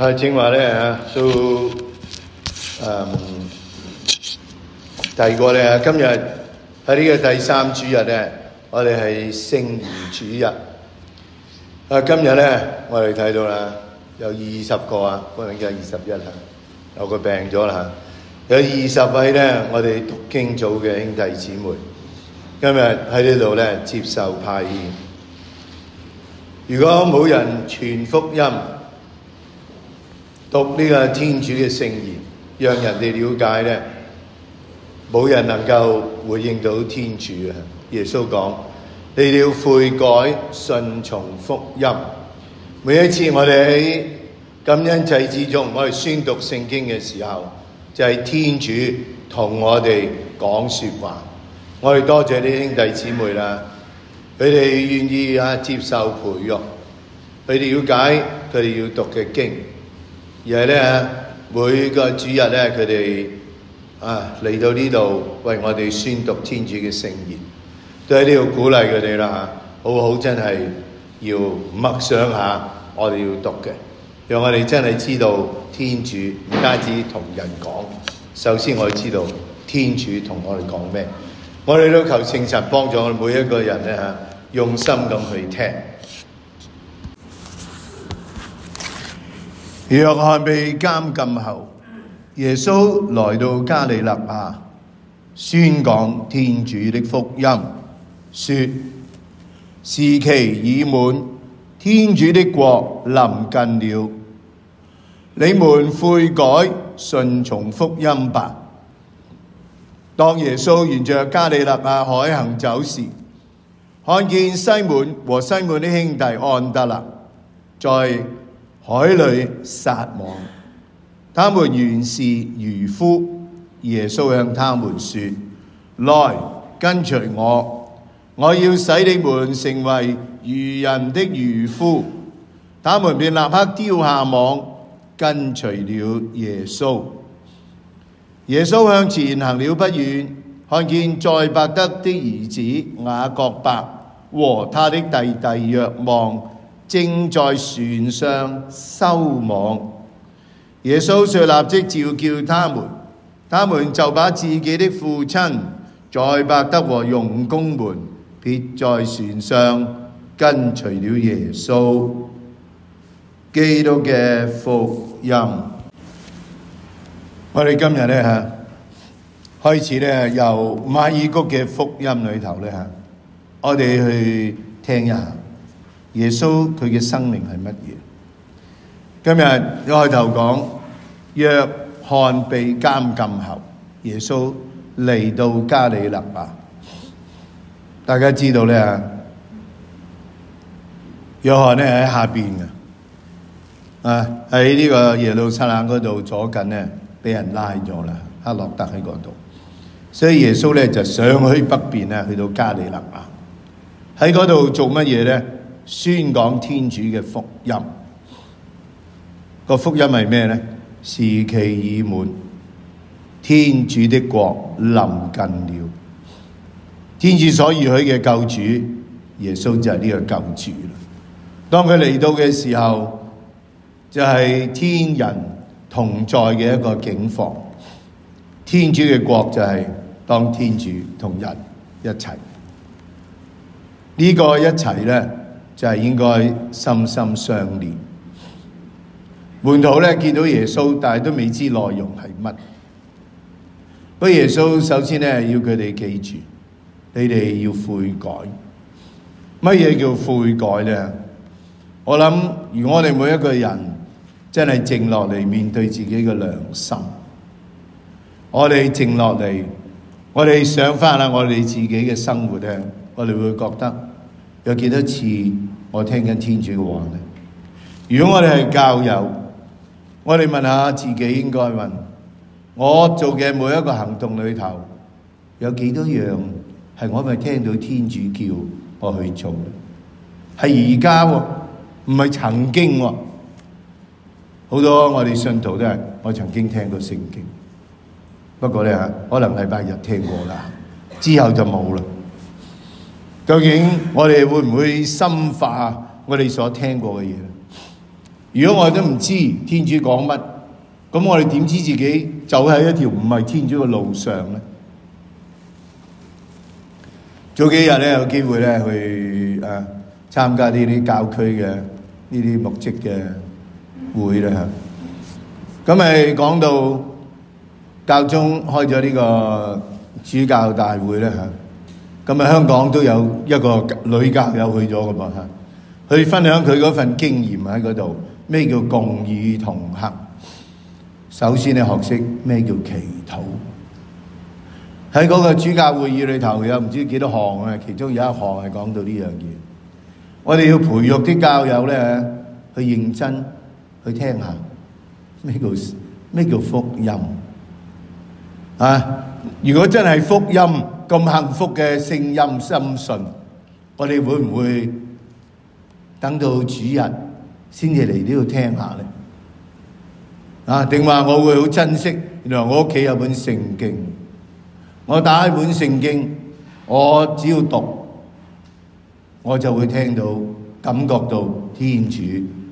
啊，正話咧嚇，都誒，第二個咧，今日喺呢個第三主日咧，我哋係聖言主日。啊，今日咧，我哋睇到啦，有二十個啊，我哋叫二十一嚇，有個病咗啦嚇，有二十位咧，我哋讀經組嘅兄弟姊妹，今日喺呢度咧接受派遣。如果冇人傳福音，讀呢個天主嘅聖言，讓人哋了解咧，冇人能夠回應到天主啊！耶穌講：你要悔改，順從福音。每一次我哋喺感恩祭之中，我哋宣讀聖經嘅時候，就係天主同我哋講說話。我哋多謝啲兄弟姊妹啦，佢哋願意啊接受培育，佢哋了解佢哋要讀嘅經。而係咧，每個主日咧，佢哋啊嚟到呢度為我哋宣讀天主嘅聖言，都喺呢度鼓勵佢哋啦嚇，好好真係要默想下我哋要讀嘅，讓我哋真係知道天主唔單止同人講，首先我要知道天主同我哋講咩，我哋都求聖神幫助我哋每一個人咧嚇、啊，用心咁去聽。若翰被監禁後，耶穌來到加利勒亞，宣講天主的福音，說：時期已滿，天主的國臨近了，你們悔改，順從福音吧。當耶穌沿着加利勒亞海行走時，看見西滿和西滿的兄弟安德勒在。海裏撒網，他們原是漁夫。耶穌向他們說：來，跟隨我，我要使你們成為漁人的漁夫。他們便立刻丟下網，跟隨了耶穌。耶穌向前行了不遠，看見載伯德的兒子雅各伯和他的弟弟若望。正在船上收網，耶穌就立即召叫他們，他們就把自己的父親載伯德和傭工們撇在船上，跟隨了耶穌。基督嘅福音，我哋今日呢，開始呢由馬爾谷嘅福音裏頭呢，我哋去聽一下。耶穌佢嘅生命係乜嘢？今日開頭講，約翰被監禁後，耶穌嚟到加里肋亞。大家知道咧啊？約翰咧喺下邊嘅啊，喺呢個耶路撒冷嗰度左近咧，俾人拉咗啦。黑落德喺嗰度，所以耶穌咧就想去北邊啊，去到加里肋亞。喺嗰度做乜嘢咧？宣講天主嘅福音，個福音係咩咧？時期已滿，天主的國臨近了。天主所預許嘅救主耶穌就係呢個救主啦。當佢嚟到嘅時候，就係、是、天人同在嘅一個境況。天主嘅國就係當天主同人一齊，呢、這個一齊咧。就係應該心心相連。門徒咧見到耶穌，但係都未知內容係乜。不過耶穌首先咧要佢哋記住，你哋要悔改。乜嘢叫悔改咧？我諗，如果我哋每一個人真係靜落嚟面對自己嘅良心，我哋靜落嚟，我哋想翻下我哋自己嘅生活咧，我哋會覺得有幾多次。我聽緊天主嘅話咧。如果我哋係教友，我哋問下自己，應該問：我做嘅每一個行動裏頭，有幾多樣係我咪聽到天主叫我去做咧？係而家喎，唔係曾經喎，啊。好多我哋信徒都係我曾經聽過聖經，不過咧，可能禮拜日聽過啦，之後就冇啦。究竟我哋會唔會深化我哋所聽過嘅嘢咧？如果我都唔知天主講乜，咁我哋點知自己走喺一條唔係天主嘅路上咧？早幾日咧有機會咧去誒參加呢啲教區嘅呢啲牧職嘅會咧吓。咁咪講到教宗開咗呢個主教大會咧吓。咁啊，香港都有一個女教友去咗㗎噃嚇，去分享佢嗰份經驗喺嗰度。咩叫共議同行？首先你學識咩叫祈禱？喺嗰個主教會議裏頭有唔知幾多項啊，其中有一項係講到呢樣嘢。我哋要培育啲教友咧，去認真去聽下咩叫咩叫福音啊！如果真係福音，咁幸福嘅聲音深信，我哋會唔會等到主日先至嚟呢度聽下咧？啊，定話我會好珍惜，原來我屋企有本聖經，我打開本聖經，我只要讀，我就會聽到，感覺到天主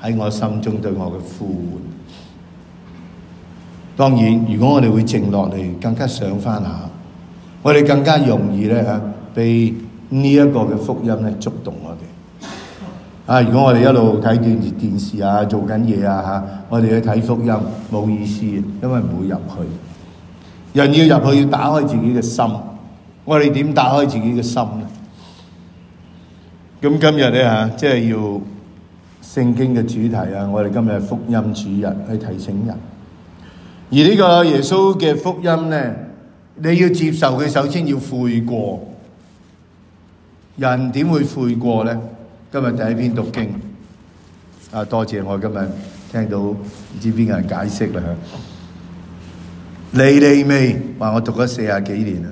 喺我心中對我嘅呼喚。當然，如果我哋會靜落嚟，更加想翻下。我哋更加容易咧吓，被呢一個嘅福音咧，觸動我哋。啊，如果我哋一路睇電視、電視啊，做緊嘢啊吓，我哋去睇福音冇意思嘅，因為唔會入去。人要入去，要打開自己嘅心。我哋點打開自己嘅心咧？咁今日咧吓，即係要聖經嘅主題啊！我哋今日係福音主日去提醒人，而呢個耶穌嘅福音咧。你要接受佢，首先要悔過。人點會悔過咧？今日第一篇讀經，啊，多謝我今日聽到唔知邊個人解釋啦吓。尼尼微話我讀咗四十幾年啊，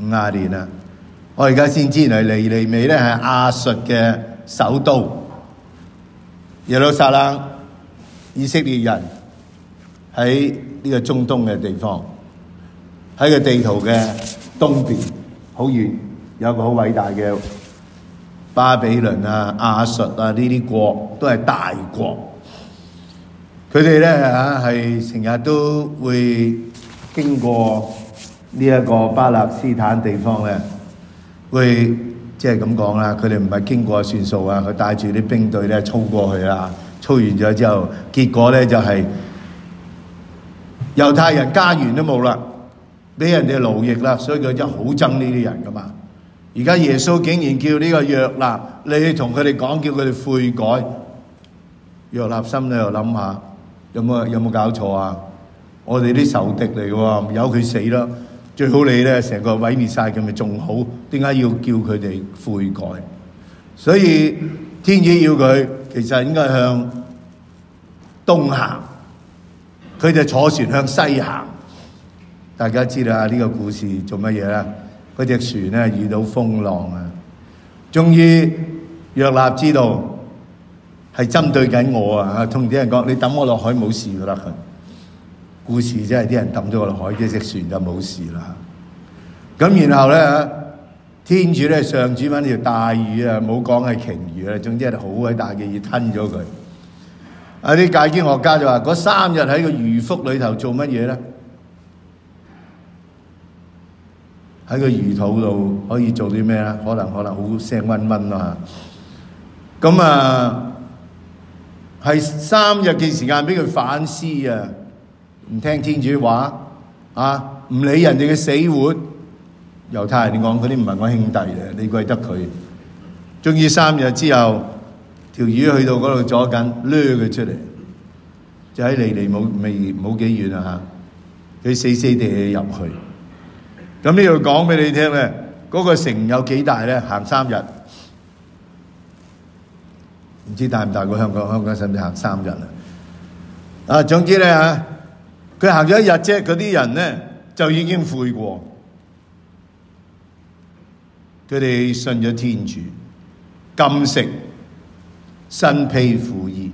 五十年啦，我而家先知原嚟尼尼微咧係亞述嘅首都，耶路撒冷，以色列人喺呢個中東嘅地方。喺個地圖嘅東邊，好遠有個好偉大嘅巴比倫啊、亞述啊呢啲國都係大國。佢哋咧嚇，係成日都會經過呢一個巴勒斯坦地方咧，會即係咁講啦。佢哋唔係經過算數啊，佢帶住啲兵隊咧操過去啦，操完咗之後，結果咧就係、是、猶太人家園都冇啦。俾人哋奴役啦，所以佢真好憎呢啲人噶嘛。而家耶穌竟然叫呢個約納，你去同佢哋講，叫佢哋悔改。約納心裏又諗下，有冇有冇搞錯啊？我哋啲仇敵嚟喎，由佢死啦。最好你咧成個毀滅晒佢咪仲好？點解要叫佢哋悔改？所以天主要佢其實應該向東行，佢就坐船向西行。大家知道啦，呢個故事做乜嘢咧？嗰隻船咧遇到風浪啊！終於約納知道係針對緊我啊！同啲人講：你抌我落海冇事噶啦！故事真係啲人抌咗我落海，只隻船就冇事啦。咁然後咧天主咧上主揾條大魚啊，冇講係鯨魚啦，總之係好鬼大嘅魚吞咗佢。啊啲解經學家就話：嗰三日喺個魚腹裏頭做乜嘢咧？喺個魚肚度可以做啲咩咧？可能可能好聲溫溫咯。咁啊，係、啊、三日嘅時間俾佢反思啊！唔聽天主話啊，唔理人哋嘅死活。猶太人你講嗰啲唔係我兄弟嘅，你怪得佢。終於三日之後，條魚去到嗰度阻緊，掠佢出嚟，就喺離離冇未冇幾遠啊吓。佢死死地入去，去。咁呢度講俾你聽咧，嗰個城有幾大咧？行三日，唔知大唔大過香港？香港使唔使行三日啊？啊，總之咧吓，佢行咗一日啫，嗰啲人咧就已經悔過，佢哋信咗天主，禁食，身披苦衣。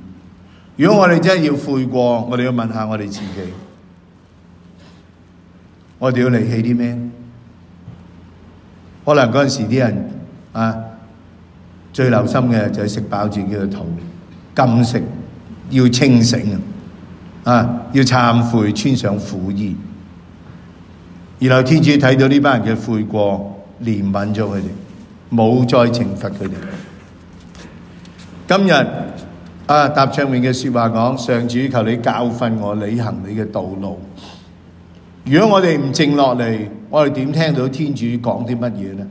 如果我哋真係要悔過，我哋要問下我哋自己，我哋要離棄啲咩？可能嗰陣時啲人啊，最留心嘅就係食飽自己嘅肚，禁食，要清醒啊，要懺悔，穿上苦衣。然後天主睇到呢班人嘅悔過，憐憫咗佢哋，冇再懲罰佢哋。今日啊，答唱詠嘅說話講，上主求你教訓我，履行你嘅道路。如果我哋唔靜落嚟，我哋點聽到天主講啲乜嘢咧？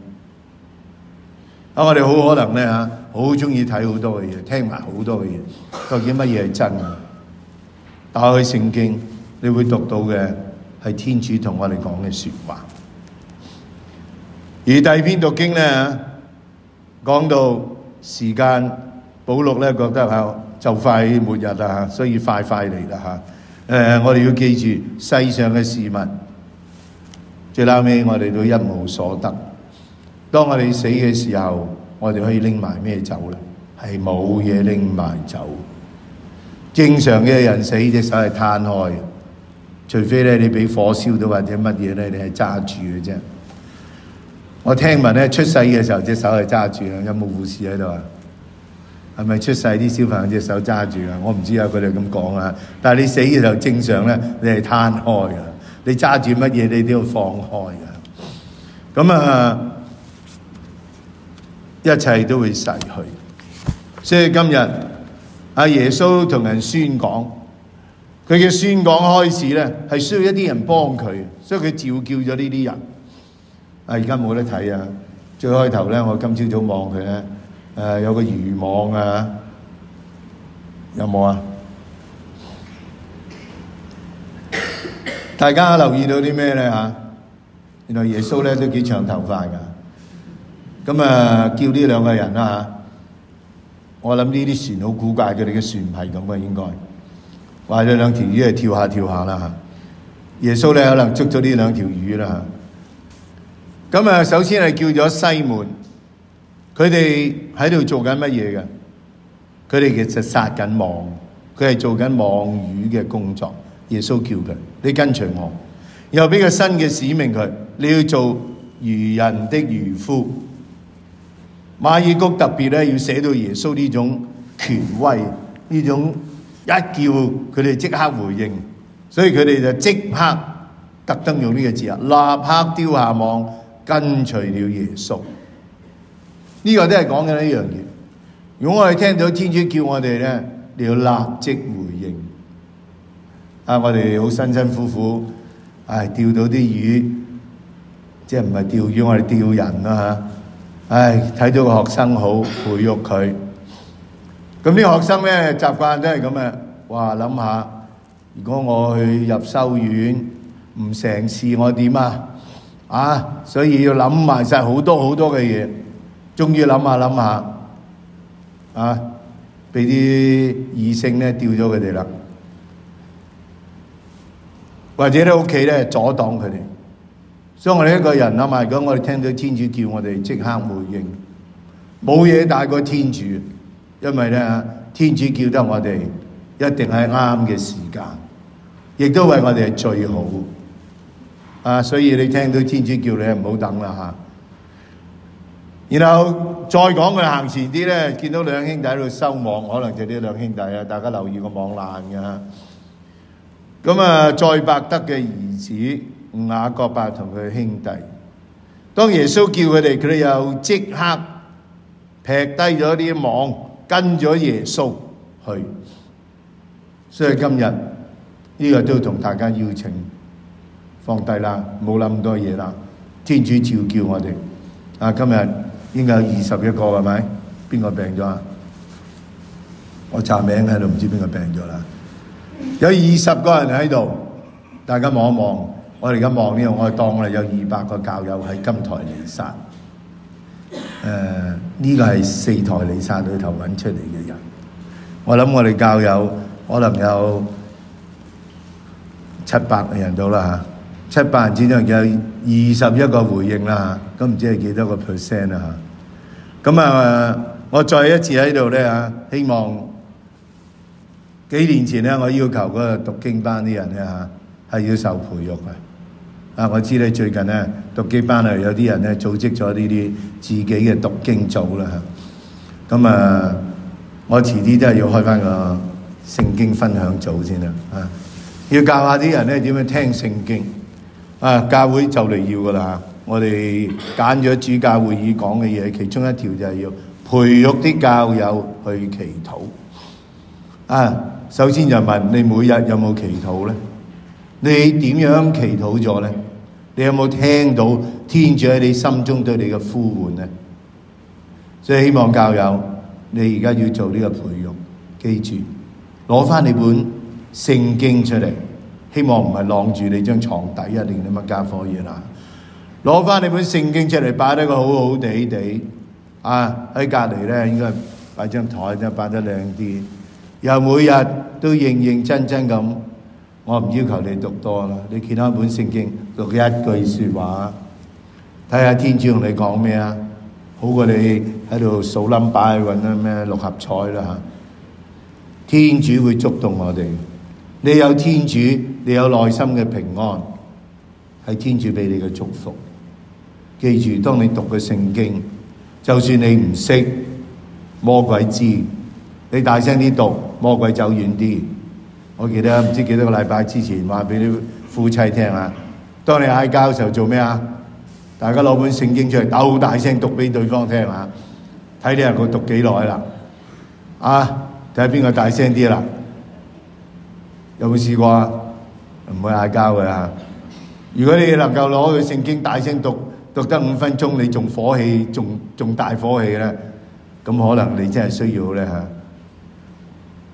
啊，我哋好可能咧吓，好中意睇好多嘅嘢，聽埋好多嘅嘢，究竟乜嘢係真嘅？打開聖經，你會讀到嘅係天主同我哋講嘅說話。而第二篇讀經咧吓，講到時間，保祿咧覺得啊，就快末日啦吓，所以快快嚟啦吓。啊誒、呃，我哋要記住世上嘅事物，最拉尾我哋都一無所得。當我哋死嘅時候，我哋可以拎埋咩走咧？係冇嘢拎埋走。正常嘅人死，隻手係攤開，除非咧你俾火燒到或者乜嘢咧，你係揸住嘅啫。我聽聞咧出世嘅時候，隻手係揸住嘅，有冇護士喺度啊？係咪出世啲小朋友隻手揸住啊？我唔知啊，佢哋咁講啊。但係你死嘅時候正常咧，你係攤開嘅。你揸住乜嘢，你都要放開嘅。咁啊，一切都會逝去。所以今日阿耶穌同人宣講，佢嘅宣講開始咧，係需要一啲人幫佢，所以佢召叫咗呢啲人。啊，而家冇得睇啊！最開頭咧，我今朝早望佢咧。誒，有個漁網啊，有冇啊？大家留意到啲咩咧吓？原來耶穌咧都幾長頭髮噶，咁啊叫呢兩個人啦吓。我諗呢啲船好古怪，佢哋嘅船唔係咁嘅應該。話咗兩條魚係跳下跳下啦吓。耶穌咧可能捉咗呢兩條魚啦吓。咁啊，首先係叫咗西門。佢哋喺度做緊乜嘢嘅？佢哋其實撒緊網，佢係做緊網魚嘅工作。耶穌叫佢，你跟隨我，又俾個新嘅使命佢，你要做漁人的漁夫。馬爾谷特別呢，要寫到耶穌呢種權威，呢種一叫佢哋即刻回應，所以佢哋就即刻特登用呢個字啊，立刻丟下網跟隨了耶穌。呢個都係講緊呢樣嘢。如果我哋聽到天主叫我哋咧，你要立即回應。啊，我哋好辛辛苦苦，唉、哎，釣到啲魚，即係唔係釣魚，我哋釣人啦吓。唉、啊，睇、哎、到個學生好，培育佢。咁啲學生咧習慣都係咁嘅。哇，諗下，如果我去入修院，唔成事我點啊？啊，所以要諗埋晒好多好多嘅嘢。終於諗下諗下，啊！俾啲異性咧掉咗佢哋啦，或者喺屋企咧阻擋佢哋。所以我哋一個人啊嘛，如果我哋聽到天主叫我哋即刻回應，冇嘢大過天主，因為咧天主叫得我哋一定係啱嘅時間，亦都為我哋係最好。啊！所以你聽到天主叫你，唔好等啦吓。然後再講佢行前啲咧，見到兩兄弟喺度收網，可能就呢兩兄弟啊！大家留意個網爛㗎啦。咁啊，載伯德嘅兒子雅各伯同佢兄弟，當耶穌叫佢哋，佢哋又即刻撇低咗啲網，跟咗耶穌去。所以今日呢個都同大家邀請放低啦，冇諗咁多嘢啦。天主召叫我哋啊，今日。應該有二十一個係咪？邊個病咗啊？我查名喺度，唔知邊個病咗啦。有二十個人喺度，大家望一望。我哋而家望呢度，我哋當我哋有二百個教友喺金台彌撒。誒、呃，呢個係四台彌撒裏頭搵出嚟嘅人。我諗我哋教友可能有七百個人到啦吓。七百人之中有二十一個回應啦，咁、啊、唔知係幾多個 percent 啦嚇。咁啊，啊，我再一次喺度咧嚇，希望幾年前咧，我要求嗰個讀經班啲人咧嚇係要受培育嘅。啊，我知咧最近咧讀經班啊有啲人咧組織咗呢啲自己嘅讀經組啦嚇。咁啊，啊，我遲啲都係要開翻個聖經分享組先啦。啊，要教下啲人咧點樣聽聖經。啊！教會就嚟要噶啦，我哋揀咗主教會議講嘅嘢，其中一條就係要培育啲教友去祈禱。啊，首先就問你每日有冇祈禱咧？你點樣祈禱咗咧？你有冇聽到天主喺你心中對你嘅呼喚咧？所以希望教友，你而家要做呢個培育，記住攞翻你本聖經出嚟。希望唔係晾住你張床底一定你乜家伙嘢啦？攞翻、啊、你本聖經出嚟，擺得個好好地地啊！喺隔籬咧，應該擺張台啫，擺得靚啲。又每日都認認真真咁，我唔要求你讀多啦。你其他本聖經讀一句說話，睇下天主同你講咩啊，好過你喺度數冧 u 去搵啲咩六合彩啦吓。天主會觸動我哋。你有天主，你有內心嘅平安，係天主俾你嘅祝福。記住，當你讀嘅聖經，就算你唔識，魔鬼知，你大聲啲讀，魔鬼走遠啲。我記得唔知幾多個禮拜之前，話俾你夫妻聽啊。當你嗌交嘅時候，做咩啊？大家攞本聖經出嚟，鬥大聲讀俾對方聽啊！睇你喺度讀幾耐啦，啊，睇下邊個大聲啲啦。有冇試過啊？唔會嗌交嘅。如果你能夠攞去聖經，大聲讀讀得五分鐘，你仲火氣，仲仲大火氣咧，咁可能你真係需要咧嚇。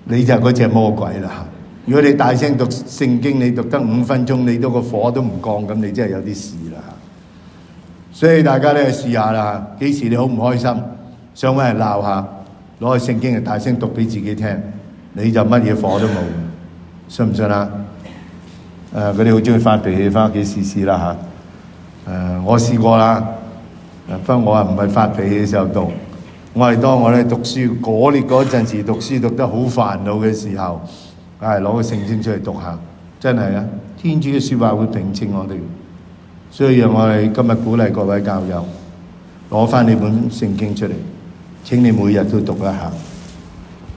你就係嗰隻魔鬼啦。如果你大聲讀聖經，你讀得五分鐘，你都個火都唔降，咁你真係有啲事啦。所以大家咧試下啦，幾時你好唔開心，想揾人鬧下，攞去聖經就大聲讀俾自己聽，你就乜嘢火都冇。信唔信啊？誒、呃，佢哋好鍾意發脾氣，翻屋企試試啦嚇！誒、啊呃，我試過啦，啊、不過我啊唔係發脾氣嘅時候讀，我係當我咧讀書嗰年嗰陣時讀，讀書讀得好煩惱嘅時候，係、啊、攞個聖經出嚟讀下，真係啊！天主嘅説話會平靜我哋，所以讓我哋今日鼓勵各位教友攞翻你本聖經出嚟，請你每日都讀一下。